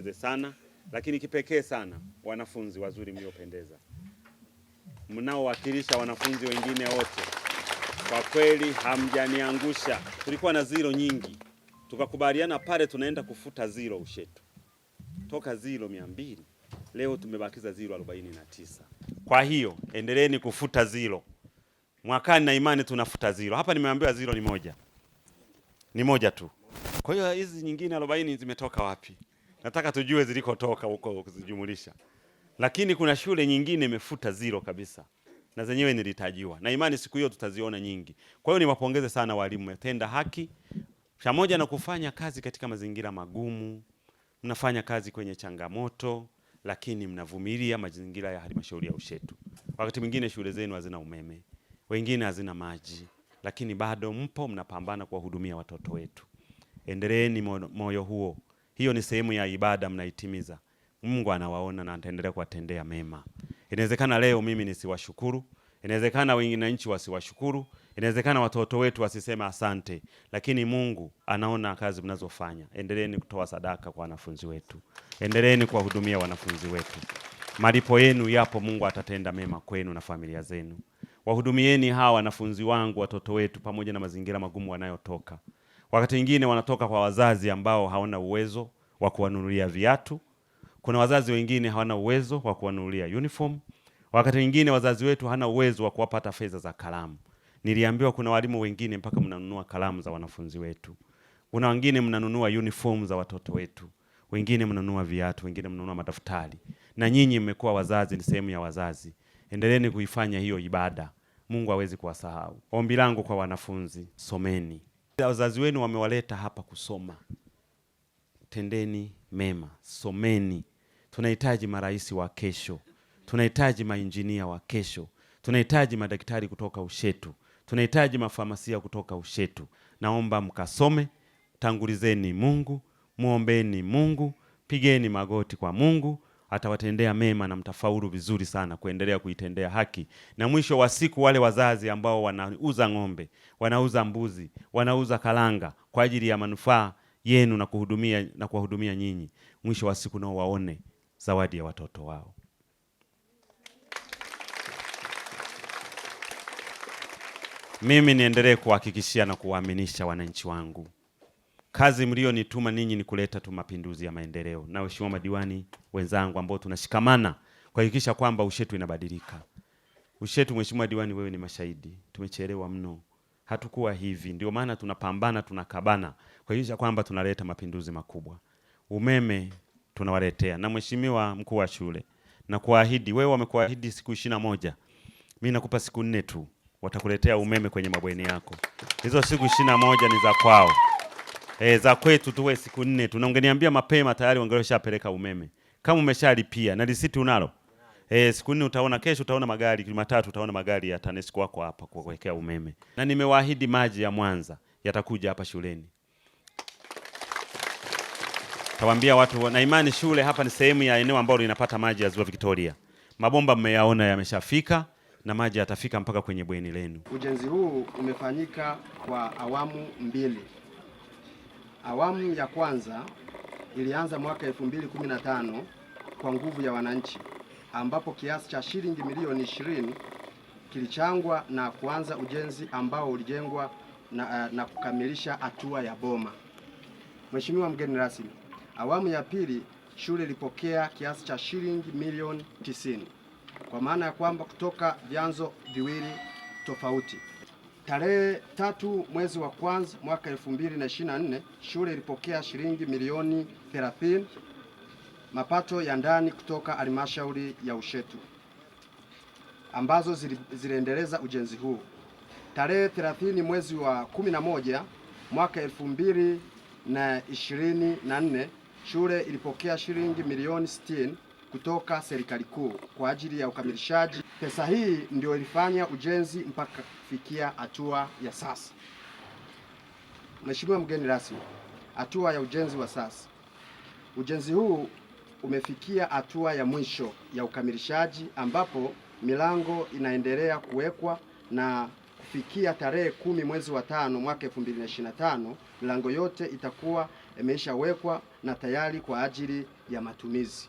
niwapongeze sana, lakini kipekee sana wanafunzi wazuri mliopendeza, mnaowakilisha wanafunzi wengine wote. Kwa kweli hamjaniangusha. Tulikuwa na zero nyingi, tukakubaliana pale tunaenda kufuta zero ushetu, toka zero mia mbili leo tumebakiza zero arobaini na tisa. Kwa hiyo endeleeni kufuta zero mwakani, na imani tunafuta zero. Hapa nimeambiwa zero ni moja, ni moja tu. Kwa hiyo hizi nyingine arobaini zimetoka wapi? nataka tujue zilikotoka huko kuzijumulisha. Lakini kuna shule nyingine imefuta zero kabisa, na zenyewe nilitajiwa, na imani siku hiyo tutaziona nyingi. Kwa hiyo niwapongeze sana walimu, mmetenda haki pamoja na kufanya kazi katika mazingira magumu, mnafanya kazi kwenye changamoto, lakini mnavumilia mazingira ya halmashauri ya Ushetu. Wakati mwingine shule zenu hazina umeme, wengine hazina maji, lakini bado mpo mnapambana kuwahudumia watoto wetu. Endeleeni moyo huo hiyo ni sehemu ya ibada mnaitimiza. Mungu anawaona na ataendelea kuwatendea mema. Inawezekana leo mimi nisiwashukuru, inawezekana wengine nchi wasiwashukuru, inawezekana watoto wetu wasisema asante, lakini Mungu anaona kazi mnazofanya. Endeleeni kutoa sadaka kwa wanafunzi wetu, endeleeni kuwahudumia wanafunzi wetu. Malipo yenu yapo, Mungu atatenda mema kwenu na familia zenu. Wahudumieni hawa wanafunzi wangu, watoto wetu, pamoja na mazingira magumu wanayotoka. Wakati wengine wanatoka kwa wazazi ambao hawana uwezo wa kuwanunulia viatu. Kuna wazazi wengine hawana uwezo wa kuwanunulia uniform. Wakati wengine wazazi wetu hana uwezo wa kuwapata fedha za kalamu. Niliambiwa kuna walimu wengine mpaka mnanunua kalamu za wanafunzi wetu. Kuna wengine mnanunua uniform za watoto wetu, wengine mnanunua viatu, wengine mnanunua madaftari. Na nyinyi mmekuwa wazazi, ni sehemu ya wazazi. Endeleeni kuifanya hiyo ibada. Mungu hawezi kuwasahau. Ombi langu kwa wanafunzi, someni. Wazazi wenu wamewaleta hapa kusoma, tendeni mema, someni. Tunahitaji marais wa kesho, tunahitaji mainjinia wa kesho, tunahitaji madaktari kutoka Ushetu, tunahitaji mafamasia kutoka Ushetu. Naomba mkasome, tangulizeni Mungu, mwombeni Mungu, pigeni magoti kwa Mungu atawatendea mema na mtafaulu vizuri sana kuendelea kuitendea haki, na mwisho wa siku wale wazazi ambao wanauza ng'ombe, wanauza mbuzi, wanauza karanga kwa ajili ya manufaa yenu na kuhudumia na kuwahudumia nyinyi, mwisho wa siku nao waone zawadi ya watoto wao. Mimi niendelee kuwahakikishia na kuwaaminisha wananchi wangu kazi mlionituma ninyi ni kuleta tu mapinduzi ya maendeleo, na waheshimiwa madiwani wenzangu ambao tunashikamana kuhakikisha kwamba Ushetu inabadilika. Ushetu, mheshimiwa diwani, wewe ni mashahidi, tumechelewa mno, hatukuwa hivi. Ndio maana tunapambana, tunakabana kuhakikisha kwamba tunaleta mapinduzi makubwa. Umeme tunawaletea, na mheshimiwa mkuu wa shule, na kuahidi wewe, wamekuahidi siku ishirini na moja, mimi nakupa siku nne tu, watakuletea umeme kwenye mabweni yako. Hizo siku ishirini na moja ni za kwao e, za kwetu tuwe siku nne tu, na ungeniambia mapema tayari wangelishapeleka umeme. Kama umeshalipia na risiti unalo e, siku nne utaona, kesho utaona magari, Jumatatu utaona magari ya TANESCO wako hapa kwa kuwekea umeme, na nimewaahidi maji ya Mwanza yatakuja hapa shuleni Tawaambia watu na imani, shule hapa ni sehemu ya eneo ambalo linapata maji ya Ziwa Victoria. Mabomba mmeyaona yameshafika na maji yatafika mpaka kwenye bweni lenu. Ujenzi huu umefanyika kwa awamu mbili. Awamu ya kwanza ilianza mwaka 2015 kwa nguvu ya wananchi, ambapo kiasi cha shilingi milioni 20 kilichangwa na kuanza ujenzi ambao ulijengwa na, eh, na kukamilisha hatua ya boma. Mheshimiwa mgeni rasmi, awamu ya pili shule ilipokea kiasi cha shilingi milioni 90 kwa maana ya kwamba kutoka vyanzo viwili tofauti. Tarehe tatu mwezi wa kwanza mwaka 2024 shule ilipokea shilingi milioni 30 mapato ya ndani kutoka halmashauri ya Ushetu ambazo ziliendeleza ujenzi huu. Tarehe 30 mwezi wa 11 mwaka 2024 shule ilipokea shilingi milioni 60 kutoka serikali kuu kwa ajili ya ukamilishaji. Pesa hii ndio ilifanya ujenzi mpaka kufikia hatua ya sasa. Mheshimiwa mgeni rasmi, hatua ya ujenzi wa sasa, ujenzi huu umefikia hatua ya mwisho ya ukamilishaji ambapo milango inaendelea kuwekwa na kufikia tarehe kumi mwezi wa tano mwaka 2025 milango yote itakuwa imeshawekwa na tayari kwa ajili ya matumizi.